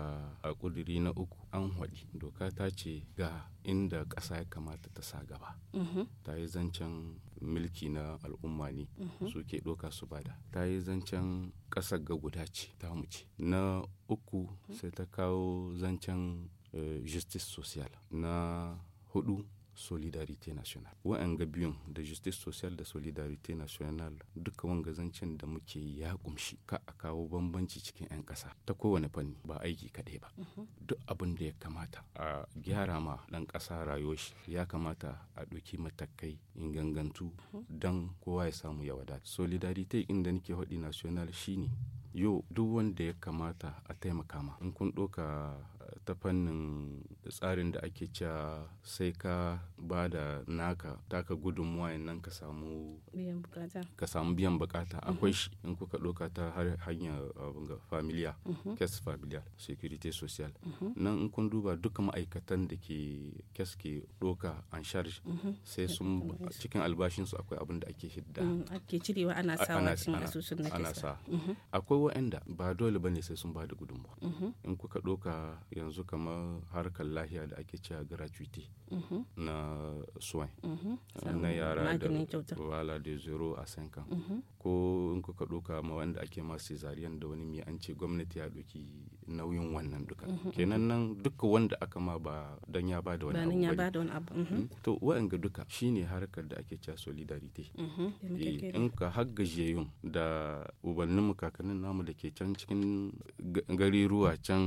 a ƙuduri na uku an haɗi doka ta ce ga inda ƙasa ya kamata ta sa gaba mhm. ta yi zancen mulki na al'umma ne mhm. suke ɗoka su bada ta yi zancen ƙasar ga guda ce ta mu na uku sai ta kawo zancen eh, justice social na hudu solidarite national wa'anga biyun da justice social da solidarite national duka wanga zancen da muke ya kumshi ka a kawo bambanci cikin 'yan ƙasa ta kowane fanni ba aiki kaɗai ba mhm. duk abin da ya kamata a gyara ma ɗan ƙasa rayoshi ya kamata a ɗauki matakai ingangantu mhm. don kowa ya samu ya wadata solidarite inda nake haɗi national shine yau duk wanda ya kamata a taimaka ma in kun ɗoka ta fannin tsarin da ake cewa sai ka ba da naka taka gudunmuwa nan ka samu ka samu biyan bukata mm-hmm. akwai shi in kuka doka ta hanyar uh, familia kes mm-hmm. familiar security social mm-hmm. nan in kun duba duka ma'aikatan da ke kes ke doka an charge sai sun cikin albashinsu akwai abin da ake hidda ake cirewa ana wa cikin asusun na kesa akwai wa'anda ba dole bane sai sun ba da gudunmuwa in kuka doka. yanzu kamar harkar lahiya da ake cewa gratuity mm-hmm. na soin mm-hmm. na yara da wala da zero a sankan mm-hmm. ko in kuka ɗauka ma wanda ake masu cesarean da wani mai an ce gwamnati ya doki nauyin wannan duka kenan nan duka wanda aka ma ba dan ya ba da wani abu to ga duka shine harkar da ake cewa solidarity eh, in ka haggaje da mu kakannin namu da ke can cikin gariruwa can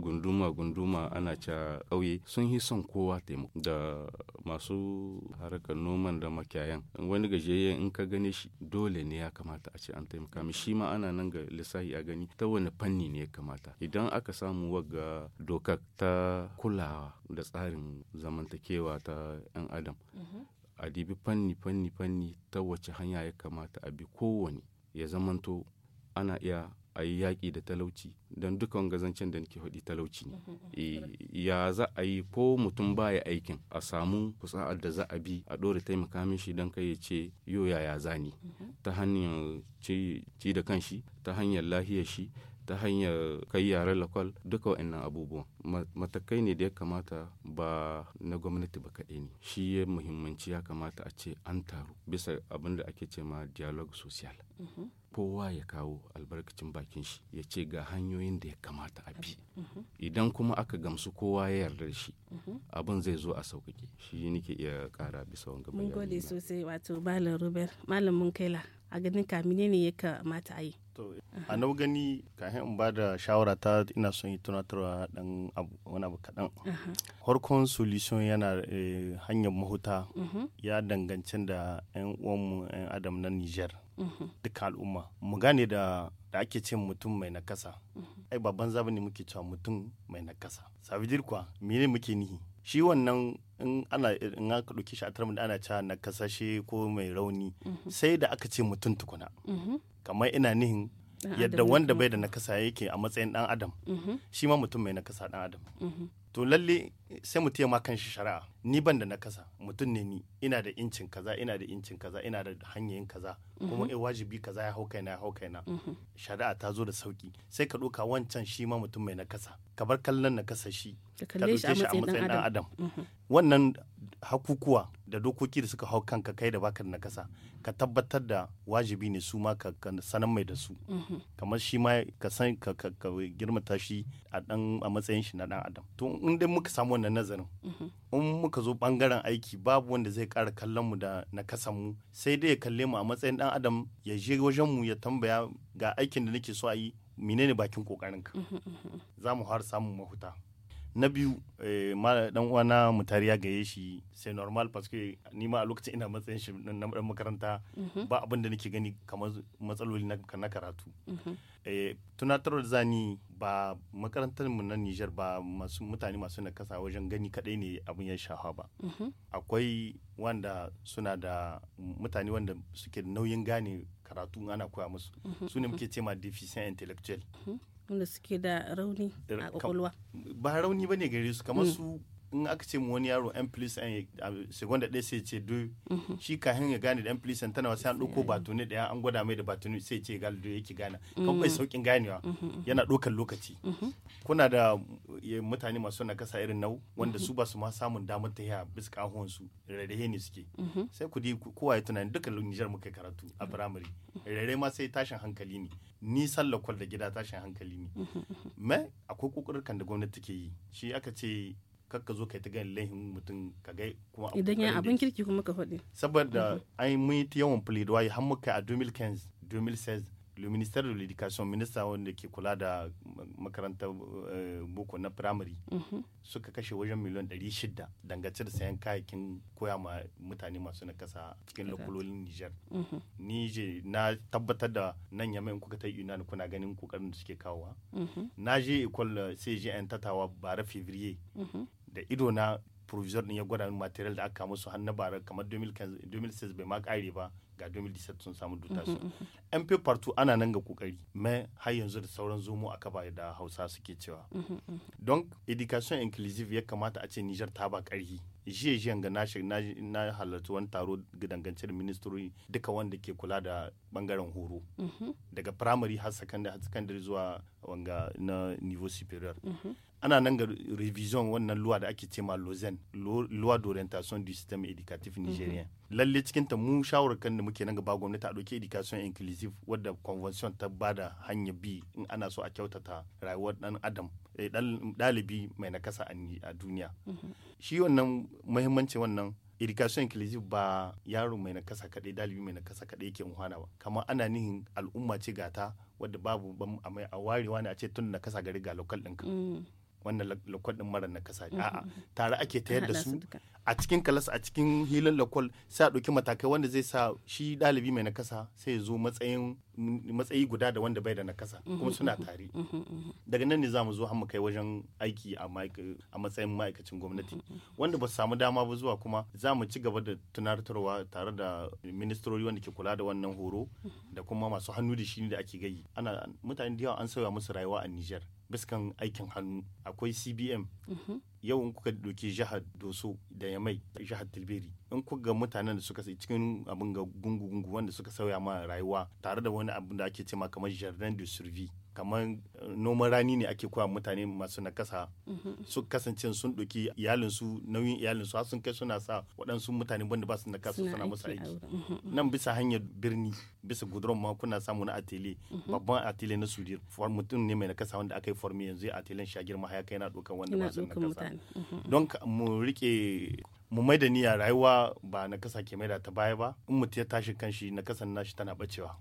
gundu gunduma gunduma ana ca ƙauye sun yi son kowa taimako da masu harkar noman da makiyayan wani gajiyayyen in ka gane shi dole ne ya kamata a ce an taimaka mi shi ma ana nan ga lissahi a gani ta wani fanni ne ya kamata idan aka samu wagga dokar ta kulawa da tsarin zamantakewa ta 'yan adam mhm. a dibi fanni fanni fanni ta wace hanya ya kamata a bi kowane ya zamanto ana iya a yi yaƙi da talauci don dukan gazancen da nake faɗi talauci ne mhm, mhm, eh, ya za a yi ko mutum baya aikin a samu fusa'ar da za a bi a ɗora taimaka shi don kai ya ce yo yaya zani mhm. ta hanyar ci da kanshi ta hanyar lahiyar shi ta hanyar kai yaren lakwal duka wa'annan abubuwan matakai ne da ya kamata ba na gwamnati ba kaɗai ne shi ya muhimmanci ya kamata a ce an taru bisa abin da ake ce ma dialogue social mm-hmm. kowa ya kawo albarkacin bakin shi ya ce ga hanyoyin da ya kamata a bi mm-hmm. Mm-hmm. idan kuma aka gamsu kowa ya yarda da shi abin zai zo a sauƙaƙe shi nake iya ƙara bisa wanga bayani mun gode sosai wato malam robert malam munkaila a ganin ka menene ya kamata a yi a nau gani kafin in ba da shawara ta ina son yi tunatarwa dan wani abu kaɗan harkon solution yana eh, hanyar mahuta mhm. ya danganci da 'yan uwanmu 'yan adam na niger mhm. duka al'umma mu gane da da ake ce mutum mai nakasa mhm. ai babban zabi ne muke cewa mutum mai nakasa sabidir kuwa mene muke nihi shi wannan in ana in aka ɗauki shi a da ana cewa na kasashe ko mai rauni mhm. sai da aka ce mutum tukuna mhm. kamar ina nihin yadda wanda bai da nakasa yake a matsayin dan adam mhm. shi ma mutum mai nakasa dan adam to lalle sai mutum ma shi shari'a ni ban da nakasa mutum ne ni ina da incin kaza ina da incin kaza ina da hanyoyin kaza kuma mhm. eh wajibi kaza ya hau kaina ya hau kaina mhm. shari'a ta zo da sauki sai ka ɗauka wancan shi ma mutum mai nakasa ka bar kallon nakasa shi ka ɗauke shi a matsayin ɗan adam mhm. wannan hakukuwa da dokoki da suka hau kanka kai da baka da nakasa ka tabbatar da wajibi ne su ma ka sanan mai da su mm-hmm. kamar shi ma ka san ka girmata shi a dan a matsayin shi na dan adam to in dai muka samu wannan nazarin mm-hmm. in muka zo bangaren aiki babu wanda zai kara kallon mu da nakasan mu sai dai ya kalle mu a matsayin dan adam ya je wajen mu ya tambaya ga aikin da nake so a yi menene bakin kokarin ka mm-hmm, za mu har samun mahuta na biyu eh, dan uwana mutari ya gaye shi sai normal paske ni a lokacin ina matsayin shi na dan makaranta mhm. ba abin da nake gani kamar matsaloli na karatu mhm. eh, tunatar da zani ba makarantar mu na Niger ba masu mutane masu na kasa wajen gani kadai ne abin ya shafa ba mhm. akwai wanda suna da mutane wanda suke da nauyin gane karatu ana koya musu su ne muke cema deficient intellectual wanda suke da rauni a kwakwalwa ba rauni ba ne gare su kamar mm. su in aka ce mu wani yaro yan filisan a segonda ɗaya sai ce do mhm. shi hin ya gane da yan filisan tana wasu yan ɗauko batuni ɗaya an gwada mai da batuni sai ce gal do yake gana kan mhm. bai saukin ganewa mhm. yana ɗaukar lokaci kuna da mutane masu na kasa irin nau wanda su ba su ma samun damar ta yaya bisa kahon su rarrahe ne suke sai ku di kowa ya tunani dukkan Nijar muka karatu a firamare rarrahe ma sai tashin hankali ne ni kwal da gida tashin hankali ne me akwai kokarin da gwamnati take yi shi aka ce kakka ka zo kai ta gani lahin mutum ka ga kuma idan ya abin kirki kuma ka faɗi saboda mhm. ai mun yi yawan pledoyer har muka a 2015 2016 le ministère de l'éducation minista wanda ke kula da makaranta eh, boko na primary mhm. suka kashe wajen miliyan 600 dangance da sayan kayakin koya ma mutane masu kasa cikin lokulolin Niger. Mhm. Ni je na tabbatar da nan in kuka ta Yunani kuna ganin kokarin da suke kawowa. Na je école CGN tatawa bara Fevrier da ido na provisor din ya gwada min material da aka musu har na bara kamar 2016 bai ma kare ba ga 2017 sun samu su an fi partu ana nan ga kokari mai har yanzu da sauran zomo a ba da hausa suke cewa don education inclusive ya kamata a ce nijar ta ba karhi jiye jiyan ga na halarci wani taro dangance da ministry duka wanda ke kula da bangaren horo mm-hmm. daga primary har secondary zuwa wanga na niveau superior mm-hmm. ana nan ga revision wannan luwa da ake ma lozen luwa d'orientation du système éducatif mhm. nigérien lalle cikin ta mu shawarkan da muke nan ga ba gwamnati a ɗauki education inclusive wadda convention ta bada hanya bi in ana so a kyautata rayuwar dan adam dalibi eh, mai nakasa a duniya mhm. shi wannan muhimmanci wannan education inclusive ba yaro mai nakasa kadai dalibi mai nakasa kadai yake unhana ba kamar ana nihin al'umma ce gata wadda babu a mai a warewa ne a ce tun nakasa gari ga lokal ɗinka mm. wannan lakwal mara na kasa mm-hmm, a'a mm-hmm. tare ake tayar da su a cikin kalas a cikin hilin lakwal sai a ɗauki matakai wanda zai sa shi ɗalibi mai nakasa sai ya zo matsayi guda da wanda bai da nakasa mhm, kuma suna mhm, tare mhm, daga nan ne za mu zo mu kai wajen aiki a matsayin ma'aikacin gwamnati wanda ba su samu dama ba zuwa kuma za mu ci gaba da tunartarwa tare da ministrori wanda ke kula da wannan horo da kuma masu hannu da shi da ake gayi ana mutane da yawa an sauya musu rayuwa a Niger biskan aikin hannu akwai CBM yau in kuka ɗauki jihar doso da yamai jihar tilbiri in kuka ga mutanen da suka cikin abin ga gungu-gungu wanda suka sauya ma rayuwa tare da wani abin da ake cema kamar jardin de survie kamar eh, noman rani ne ake kowa mutane masu nakasa mm-hmm. su kasance sun ɗauki iyalinsu nauyin iyalinsu har sun kai suna sa waɗansu mutane wanda ba su nakasa suna musu aiki mm-hmm. nan bisa hanyar birni bisa guduran ma kuna samu na atele mm-hmm. babban atele na sudir mutum ne mai nakasa wanda aka yi formi yanzu atelier shagir ma haya kai na ɗaukan wanda ba su nakasa don mu rike mu maida niyya rayuwa ba na kasa ke maida ta baya ba in mutum ya tashi kanshi na kasan nashi tana bacewa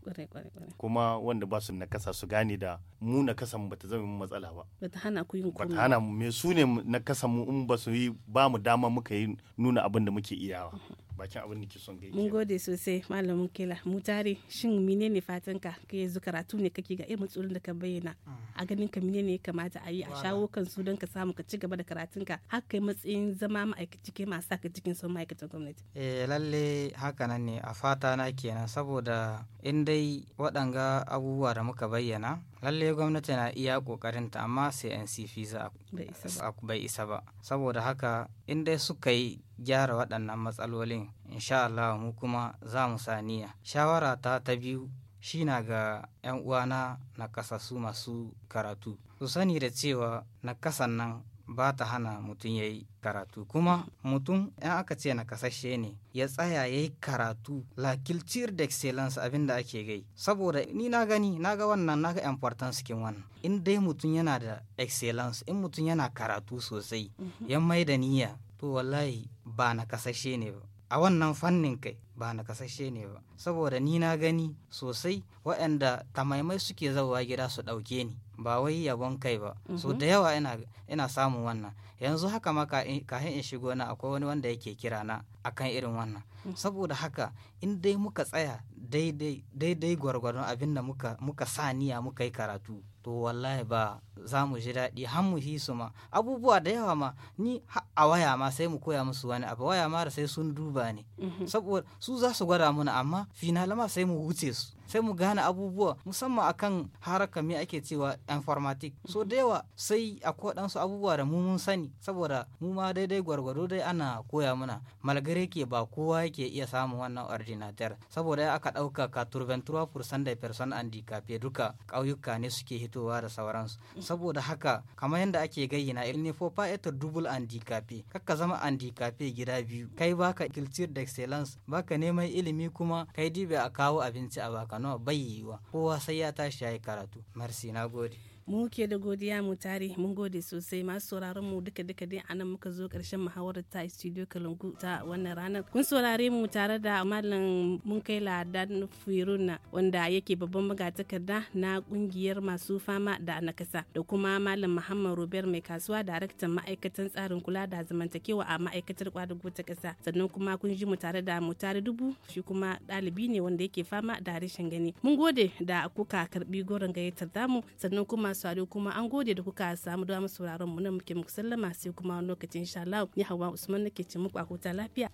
kuma wanda ba su na kasa su gane da mu na mu bata zama matsala ba bata hana ku yin bata hana me su ne na kasa mu in ba su yi ba mu dama muka yi nuna abin da muke iyawa bakin abin da ke son gaike mun gode sosai malamin kila mu tare shin menene fatan ka ka yanzu karatu ne kake ga irin matsalolin da ka bayyana a ganin ka menene ya kamata a yi a shawo kan su don ka samu ka ci gaba da karatun ka har kai matsayin zama ma'aikaci ke masu ka cikin son ma'aikatan gwamnati eh lalle haka nan ne a fata na kenan saboda in dai waɗanga abubuwa da muka bayyana lalle gwamnati na iya ƙoƙarinta amma sai an za bai isa ba saboda haka in dai suka yi gyara waɗannan matsalolin insha Allah mu kuma za mu saniya shawara ta ta biyu shina ga 'yan uwana na su masu karatu su sani da cewa na kasan nan ba ta hana mutum ya yi karatu kuma mutum ya aka ce na kasashe ne ya tsaya ya yi karatu la da d'excellence abin da ake gai saboda ni na gani na ga wannan na ga importance skin wannan in dai mutum yana da excellence in mutum yana karatu sosai mhm. ya mai da niyya to wallahi ba na kasashe ne ba a wannan fannin kai ba na kasashe ne ba saboda ni na gani sosai waɗanda tamaimai suke zauwa gida su ɗauke ni ba wai yabon kai ba so mm-hmm. da yawa ina samun wannan yanzu haka ma kafin in shigo na akwai wani wanda yake kira na akan irin wannan mm-hmm. saboda haka in dai muka tsaya daidai gwargwadon abin da muka niya muka yi karatu to wallahi ba za mu ji daɗi har mu hi su ma abubuwa da yawa ma ni a waya ma sai mu koya musu wani abu waya ma da sai sun duba ne mm-hmm. saboda su za su gwada mana amma finala ma sai mu wuce su sai mu gane abubuwa musamman akan haraka me ake cewa informatic so da yawa sai akwai ɗansu abubuwa da mu mun sani saboda mu ma daidai gwargwado dai ana koya mana malgare ke ba kowa yake iya samun wannan ordinateur saboda ya aka ɗauka ka turventura fursan da person handicapé duka ƙauyuka ne suke hitowa da sauransu saboda haka kamar yadda ake gayyana il ne faut pas être double handicapé kakka zama handicapé gida biyu kai baka culture d'excellence baka neman ilimi kuma kai dibe a kawo abinci a baka nawa bai yiwuwa kowa sai ya tashi ya yi karatu marsi na gode mu ke da godiya mu tare mun gode sosai masu sauraron mu duka duka dai anan muka zo karshen muhawarar ta studio Kalungu ta wannan ranar kun saurare mu tare da malam mun kai ladan Firuna wanda yake babban magatakarda na kungiyar masu fama da nakasa da kuma malam Muhammad Robert mai kasuwa daraktan ma'aikatan tsarin kula da zamantakewa a ma'aikatar kwadago ta kasa sannan kuma kun ji mu tare da mu tare dubu shi kuma ɗalibi ne wanda yake fama da rashin gani mun gode da kuka karbi goron gayyatar damu sannan kuma saurari kuma an gode da kuka samu dama sauraron mu nan muke muku sallama sai kuma wani lokacin insha Allah ni Hauwa Usman nake ce muku a huta lafiya.